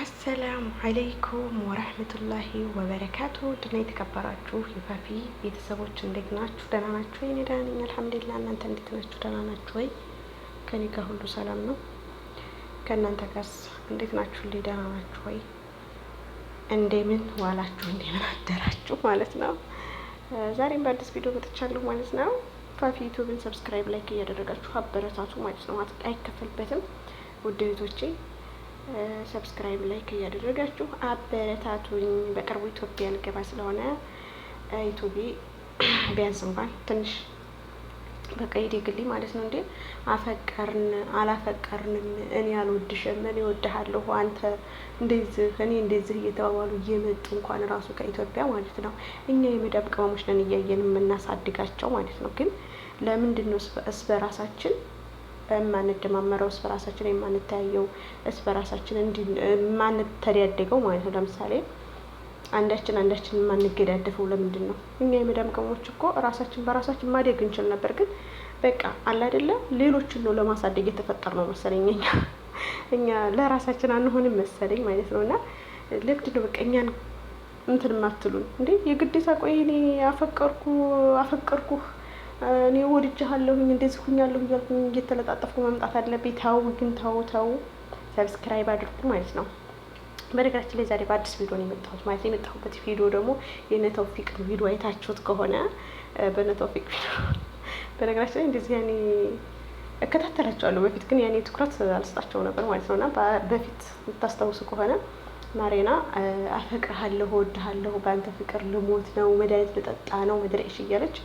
አሰላሙ አለይኩም ወረህመቱላሂ ወበረካቱ ድና የተከበራችሁ የፋፊ ቤተሰቦች እንዴት ናችሁ? ደህና ናችሁ ወይ? እኔ ደህና ነኝ አልሐምዱሊላህ። እናንተ እንዴት ናችሁ? ደህና ናችሁ ወይ? ከኔ ጋር ሁሉ ሰላም ነው። ከእናንተ ጋርስ እንዴት ናችሁ? እንዴ ደህና ናችሁ ወይ? እንደምን ዋላችሁ? እንደምን አደራችሁ ማለት ነው። ዛሬም በአዲስ ቪዲዮ መጥቻለሁ ማለት ነው። ፋፊ ዩቱብን ሰብስክራይብ፣ ላይክ እያደረጋችሁ አበረታቱ ማለት ነው። አይከፈልበትም ውድ ቤቶቼ ሰብስክራይብ፣ ላይክ እያደረጋችሁ አበረታቱኝ። በቅርቡ ኢትዮጵያ ልገባ ስለሆነ ዩቱቢ ቢያንስ እንኳን ትንሽ በቀይድ ግሊ ማለት ነው እንዴ አፈቀርን አላፈቀርንም፣ እኔ አልወድሽም፣ እኔ እወድሃለሁ፣ አንተ እንደዚህ እኔ እንደዚህ እየተባባሉ እየመጡ እንኳን ራሱ ከኢትዮጵያ ማለት ነው እኛ የመዳብ ቅመሞች ነን እያየን የምናሳድጋቸው ማለት ነው። ግን ለምንድን ነው እስበራሳችን የማንደማመረው እርስ በራሳችን የማንተያየው እርስ በራሳችን የማንተዳደገው ማለት ነው። ለምሳሌ አንዳችን አንዳችን የማንገዳደፈው ለምንድን ነው? እኛ የመዳም ቅመሞች እኮ ራሳችን በራሳችን ማደግ እንችል ነበር፣ ግን በቃ አለ አይደለም ሌሎችን ነው ለማሳደግ የተፈጠር ነው መሰለኝ። እኛ እኛ ለራሳችን አንሆንም መሰለኝ ማለት ነው። እና ለምንድን ነው በቃ እኛን እንትን ማትሉን እንዴ? የግዴታ ቆይ እኔ አፈቀርኩ አፈቀርኩህ እኔ ወድጃለሁኝ እንደዚህ ሁኛለሁ እያልኩኝ እየተለጣጠፍኩ መምጣት አለብኝ። ተው ግን ተው ተው፣ ሰብስክራይብ አድርጉ ማለት ነው። በነገራችን ላይ ዛሬ በአዲስ ቪዲዮ ነው የመጣሁት ማለት ነው። የመጣሁበት ቪዲዮ ደግሞ የነተውፊቅ ቪዲዮ አይታችሁት ከሆነ በነተውፊቅ ቪዲዮ በነገራችን ላይ እንደዚህ ያኔ እከታተላቸዋለሁ በፊት ግን ያኔ ትኩረት አልሰጣቸው ነበር ማለት ነው። እና በፊት የምታስታውሱ ከሆነ ማሬና አፈቅርሃለሁ፣ ወድሃለሁ፣ በአንተ ፍቅር ልሞት ነው፣ መድኃኒት ልጠጣ ነው፣ መድረሽ እያለች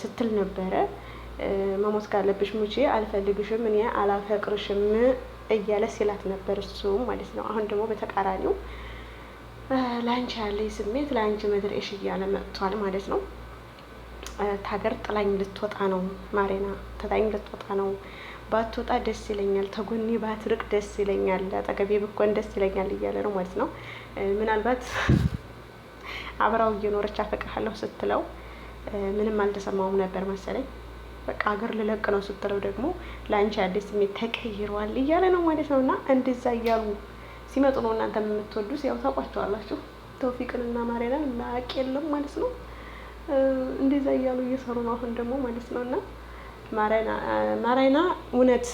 ስትል ነበረ። መሞት ካለብሽ ሙቼ አልፈልግሽም፣ እኔ አላፈቅርሽም እያለ ሲላት ነበር እሱ ማለት ነው። አሁን ደግሞ በተቃራኒው ለአንቺ ያለኝ ስሜት ለአንቺ መድረሽ እያለ መጥቷል ማለት ነው። ታገር ጥላኝ ልትወጣ ነው ማሬና፣ ትታኝ ልትወጣ ነው። ባትወጣ ደስ ይለኛል፣ ተጎኒ ባትርቅ ደስ ይለኛል፣ አጠገቤ ብኮን ደስ ይለኛል እያለ ነው ማለት ነው። ምናልባት አብራው እየኖረች አፈቅርሃለሁ ስትለው ምንም አልተሰማውም ነበር መሰለኝ። በቃ አገር ልለቅ ነው ስትለው ደግሞ ለአንቺ አዲስ ስሜት ተቀይሯል እያለ ነው ማለት ነው። እና እንደዛ እያሉ ሲመጡ ነው እናንተ የምትወዱት። ያው ታውቋቸዋላችሁ ተውፊቅንና ማርያምን ማቅ የለም ማለት ነው። እንደዛ እያሉ እየሰሩ ነው አሁን ደግሞ ማለት ነው። እና ማራይና እውነት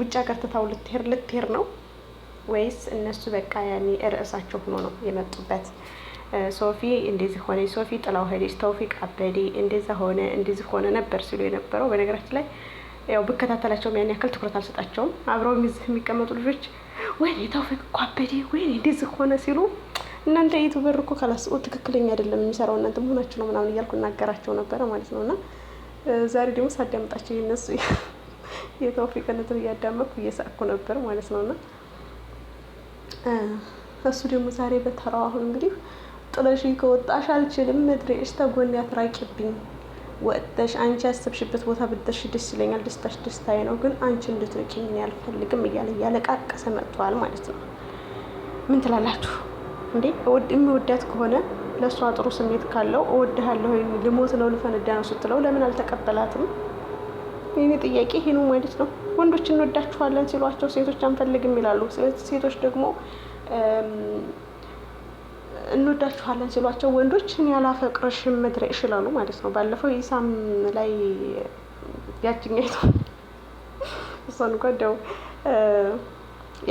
ውጭ ሀገር ትታው ልትሄድ ልትሄድ ነው ወይስ እነሱ በቃ ያኔ ርዕሳቸው ሆኖ ነው የመጡበት? ሶፊ እንደዚህ ሆነ፣ ሶፊ ጥላው ሄደች፣ ተውፊቅ አበዴ እንደዛ ሆነ፣ እንደዚህ ሆነ ነበር ሲሉ የነበረው። በነገራችን ላይ ያው ብከታተላቸውም ያን ያክል ትኩረት አልሰጣቸውም። አብረው እዚህ የሚቀመጡ ልጆች ወይኔ ተውፊቅ እኮ አበዴ፣ ወይኔ እንደዚህ ሆነ ሲሉ እናንተ ዩቱበር እኮ ካላስቡ ትክክለኛ አይደለም የሚሰራው እናንተ መሆናችሁ ነው ምናምን እያልኩ እናገራቸው ነበረ ማለት ነው። እና ዛሬ ደግሞ ሳዳምጣቸው የነሱ የተውፊቅነትን እያዳመኩ እየሳቅኩ ነበር ማለት ነው። እና እሱ ደግሞ ዛሬ በተራው አሁን እንግዲህ ጥለሽ ከወጣሽ አልችልም። ምድሬሽ ተጎን ያትራቂብኝ ወጥተሽ አንቺ ያሰብሽበት ቦታ ብደርሽ ደስ ይለኛል። ደስታሽ ደስታዬ ነው፣ ግን አንቺ እንድትርቂኝ ያልፈልግም እያለ እያለቃቀሰ መጥተዋል ማለት ነው። ምን ትላላችሁ እንዴ? የሚወዳት ከሆነ ለእሷ ጥሩ ስሜት ካለው እወድሃለሁ፣ ልሞት ነው ልፈነዳ ነው ስትለው ለምን አልተቀበላትም? የኔ ጥያቄ ይሄ ማለት ነው። ወንዶች እንወዳችኋለን ሲሏቸው ሴቶች አንፈልግም ይላሉ። ሴቶች ደግሞ እንወዳችኋለን ሲሏቸው ወንዶች ወንዶችን ያላፈቅርሽም ምድረ ይሽላሉ ማለት ነው። ባለፈው ኢሳም ላይ ያችኛይቱ እሷን እንኳ እንደው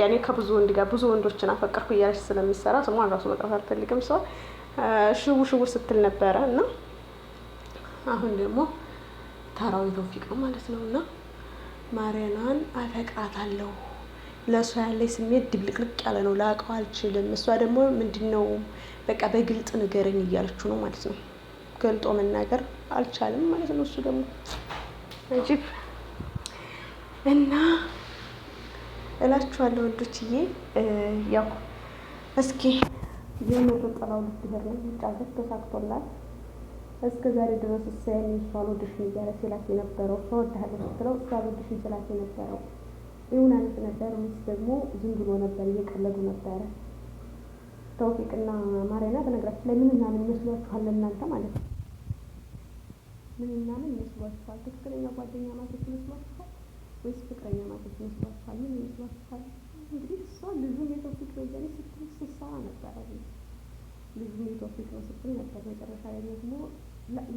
ያኔ ከብዙ ወንድ ጋር ብዙ ወንዶችን አፈቀርኩ እያለች ስለሚሰራ ስሟን ራሱ መጥራት አልፈልግም። ሰው ሽው ሽው ስትል ነበረ እና አሁን ደግሞ ተራዊ ተውፊቅ ነው ማለት ነው እና ማርያናን አፈቅራታለሁ ለእሷ ያለኝ ስሜት ድብልቅልቅ ያለ ነው። ላውቀው አልችልም። እሷ ደግሞ ምንድን ነው በቃ በግልጽ ንገረኝ እያለችው ነው ማለት ነው። ገልጦ መናገር አልቻልም ማለት ነው። እሱ ደግሞ አጅብ እና እላችኋለሁ ወዶችዬ፣ ያው እስኪ የምሩን ጥላው ልትሄድ ነው። ውጭ ተሳክቶላል። እስከ ዛሬ ድረስ እሷ ያኔ እሷ አልወድሽም እያለ ሲላት የነበረው እሷ እወድሃለሁ ስትለው እሷ አልወድሽም ሲላት የነበረው ይሁን አሪፍ ነበር ወይስ ደግሞ ዝም ብሎ ነበር እየቀለዱ ነበረ? ተውፊቅና ማሪያና በነገራችን ላይ ምንና ምን ይመስሏችኋል? ለእናንተ ማለት ነው ምንና ምን ይመስሏችኋል? ትክክለኛ ጓደኛ ማግኘት ይመስሏችኋል ወይስ ፍቅረኛ ማግኘት ይመስሏችኋል? ምን ይመስሏችኋል? እንግዲህ እሷ ልጁም የተውፊቅ ነው እያለች ስትል ስትሰራ ነበረ። ልጁም የተውፊቅ ነው ስትል ነበር። መጨረሻ ላይ ደግሞ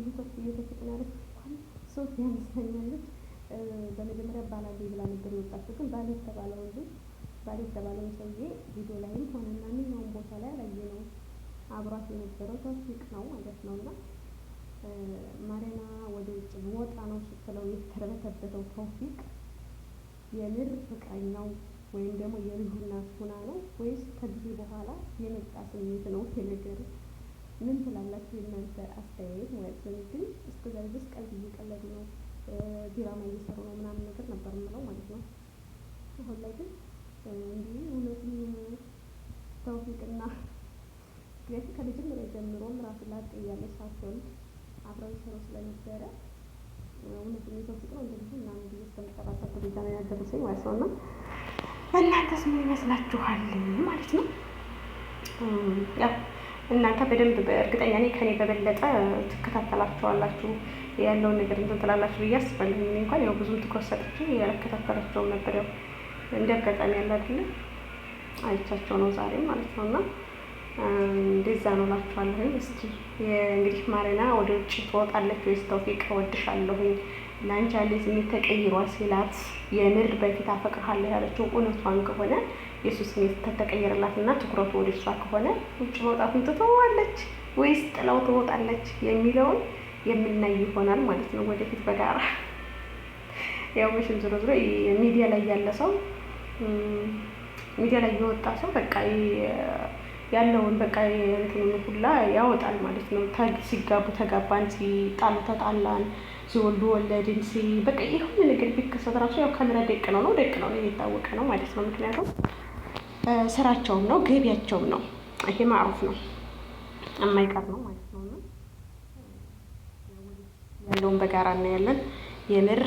የተውፊቅ ነው ያለች እንኳን ሰው ያነሳኛለች በመጀመሪያ ባላጌ ብላ ነበር የወጣችው። ግን ባሌ የተባለ ወንዱ ባሌ የተባለውን ሰውዬ ቪዲዮ ላይም ሆነ ማንኛውም ቦታ ላይ ነው አብሯት የነበረው ተውፊቅ ነው ማለት ነው። እና ማሪና ወደ ውጭ ወጣ ነው ስትለው የተረተበተው ተውፊቅ የምር ፍቅረኛው ወይም ደግሞ የልጁና ሁና ነው ወይስ ከጊዜ በኋላ የመጣ ስሜት ነው ይሄ ነገር? ምን ትላላችሁ? የእናንተ አስተያየት ማለት ነው። ግን እስከዛሬ ድረስ ቀልድ እየቀለዱ ነው። ዲራማ እየሰሩ ነው ምናምን ነገር ነበር የምለው ማለት ነው። አሁን ላይ ግን እንዲህ እውነትም ተውፊቅና ምክንያቱም ከመጀመሪያ ጀምሮም ራሱን ላጥ እያለች ሳትወልድ አብረው ይሰሩ ስለነበረ እውነትም የተውፊቅ ነው እንደዚህ ምናምን ጊዜ እስከሚጠባጠቁ ደረጃ ነው ያደረሰኝ ማለት ነው። እና እናንተስ ምን ይመስላችኋል ማለት ነው? ያው እናንተ በደንብ በእርግጠኛ ነኝ ከኔ በበለጠ ትከታተላችኋላችሁ ያለውን ነገር እንትን ትላላችሁ ብዬ አስባለሁ። እኔ እንኳን ያው ብዙም ትኩረት ሰጥቼ ያልከታተላቸውም ነበር። ያው እንደ አጋጣሚ ያለ አይደለ አይቻቸው ነው ዛሬ ማለት ነው። እና እንደዛ ነው እላችኋለሁ። እስኪ እንግዲህ ማሪና ወደ ውጭ ትወጣለች ወይስ ተውፊቅ እወድሻለሁኝ ለአንቺ ያለኝ ስሜት ተቀይሯል ሲላት የምር በፊት አፈቅርሃለሁ ያለችው እውነቷን ከሆነ የእሱ ስሜት ተቀየረላት እና ትኩረቱ ወደ እሷ ከሆነ ውጭ መውጣቱን ትተዋለች ወይስ ጥላው ትወጣለች የሚለውን የምናይ ይሆናል ማለት ነው ወደፊት በጋራ ያው መቼም ዝሮ ዝሮ ሚዲያ ላይ ያለ ሰው ሚዲያ ላይ የወጣ ሰው በቃ ያለውን በቃ እንትኑን ሁላ ያወጣል ማለት ነው። ሲጋቡ ተጋባን፣ ሲጣሉ ተጣላን፣ ሲወልዱ ወለድን፣ ሲ በቃ የሆነ ነገር ቢከሰት ራሱ ያው ካሜራ ደቅ ነው ነው ደቅ ነው የሚታወቀ ነው ማለት ነው። ምክንያቱም ስራቸውም ነው ገቢያቸውም ነው። ይሄ ማዕሩፍ ነው፣ የማይቀር ነው ማለት ነው። ያለውን በጋራ እናያለን። የምር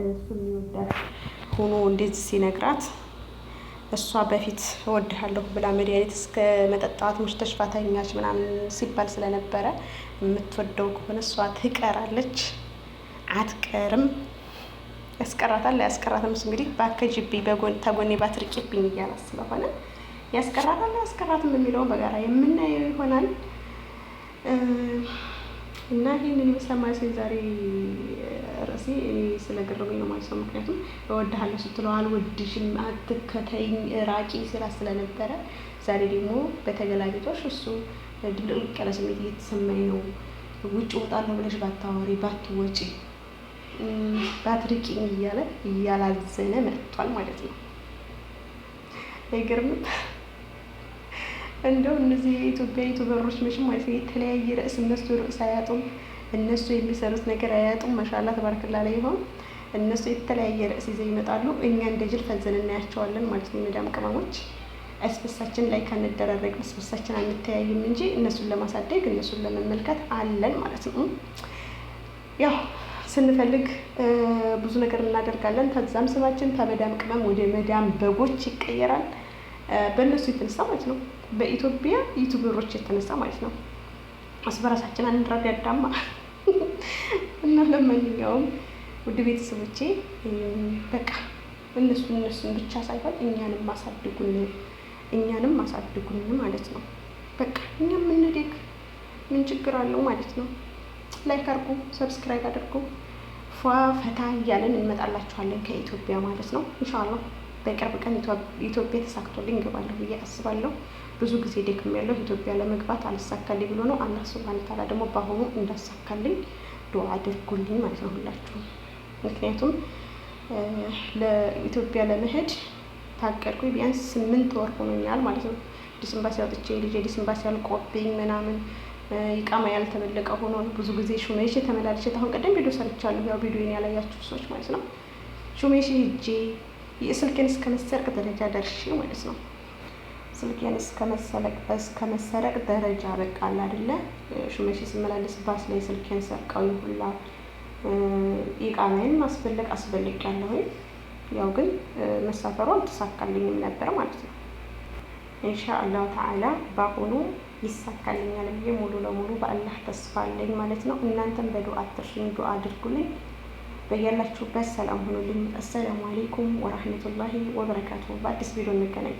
እሱም ይወዳል ሆኖ እንዴት ሲነግራት እሷ በፊት እወድሃለሁ ብላ መድኃኒት እስከ መጠጣት ሙሽ ተሽፋታኛች ምናምን ሲባል ስለነበረ የምትወደው ከሆነ እሷ ትቀራለች አትቀርም። ያስቀራታል አያስቀራትም? እሱ እንግዲህ ባከጅብኝ ተጎኔ ባትርቂብኝ እያላት ስለሆነ ያስቀራታል አያስቀራትም የሚለውን በጋራ የምናየው ይሆናል። እና ይህንን ይመስላል ማለት ነው ዛሬ ርዕሴ። እኔ ስለ ነው ማለት ነው። ምክንያቱም እወድሃለሁ ስትለው አልወድሽም፣ አትከተኝ፣ ራቂ ስራ ስለነበረ ዛሬ ደግሞ በተገላቢጦሽ እሱ ድብልቅልቅ ያለ ስሜት እየተሰማኝ ነው። ውጭ ወጣለሁ ብለሽ ባታወሪ፣ ባትወጪ፣ ባትርቂኝ እያለ እያላዘነ መጥቷል ማለት ነው። አይገርምም? እንደው እነዚህ የኢትዮጵያ ዩቱበሮች መቼም ማለት የተለያየ ርዕስ እነሱ ርዕስ አያጡም፣ እነሱ የሚሰሩት ነገር አያጡም። መሻላ ተባርክላ ላይ ይሆን እነሱ የተለያየ ርዕስ ይዘው ይመጣሉ። እኛ እንደ ጅል ፈዘን እናያቸዋለን ማለት ነው። መዳም ቅመሞች እስብሳችን ላይ ከንደራረግ እስብሳችን አንተያይም እንጂ እነሱን ለማሳደግ እነሱን ለመመልከት አለን ማለት ነው። ያው ስንፈልግ ብዙ ነገር እናደርጋለን። ከዛም ስማችን ከመዳም ቅመም ወደ መዳም በጎች ይቀየራል። በእነሱ የተነሳ ማለት ነው። በኢትዮጵያ ዩቱበሮች የተነሳ ማለት ነው። እሱ በራሳችን ያዳማ እና ለማንኛውም ውድ ቤተሰቦቼ በቃ እነሱ እነሱን ብቻ ሳይሆን እኛንም አሳድጉን፣ እኛንም ማሳድጉን ማለት ነው። በቃ እኛ ምንደግ ምን ችግር አለው ማለት ነው። ላይክ አድርጉ፣ ሰብስክራይብ አድርጉ። ፏ ፈታ እያለን እንመጣላችኋለን ከኢትዮጵያ ማለት ነው ኢንሻአላህ። በቅርብ ቀን ኢትዮጵያ ተሳክቶልኝ ገባለሁ ብዬ አስባለሁ። ብዙ ጊዜ ደክም ያለው ኢትዮጵያ ለመግባት አልሳካልኝ ብሎ ነው። አላህ ሱብሃነሁ ተዓላ ደግሞ በአሁኑ እንዳሳካልኝ ዱዓ አድርጉልኝ ማለት ነው ሁላችሁም። ምክንያቱም ለኢትዮጵያ ለመሄድ ታቀድኩ ቢያንስ ስምንት ወር ሆኖኛል ማለት ነው። ዲስምባሲ አውጥቼ ልጄ ዲስምባሲ ያልቆብኝ ምናምን ይቃማ ያልተበለቀ ሆኖ ብዙ ጊዜ ሹሜሽ ተመላልሼ አሁን ቀደም ቪዲዮ ሰርቻለሁ። ያው ቪዲዮን ያላያችሁ ሰዎች ማለት ነው ሹሜሽ ሂጄ የስልኬን እስከ መሰረቅ ደረጃ ደርሼ ማለት ነው። ስልኬን እስከ መሰረቅ ደረጃ በቃ አለ አይደለ? ሽመሽ ስመላለስ ባስ ላይ ስልኬን ሰርቀው ይሁላ ኢቃማይን ማስፈለግ አስፈልግ ያለሁኝ ያው ግን መሳፈሩ አልተሳካልኝም ነበር ማለት ነው። ኢንሻአላህ ተዓላ በአሁኑ ይሳካልኛል ብዬ ሙሉ ለሙሉ በአላህ ተስፋ አለኝ ማለት ነው። እናንተም በዱዓ አትርሱኝ፣ ዱዓ አድርጉልኝ። በያላችሁበት ሰላም ሁኑልኝ። አሰላሙ አሌይኩም ወራህመቱላሂ ወበረካቱ። በአዲስ ቪዲዮ እንገናኝ።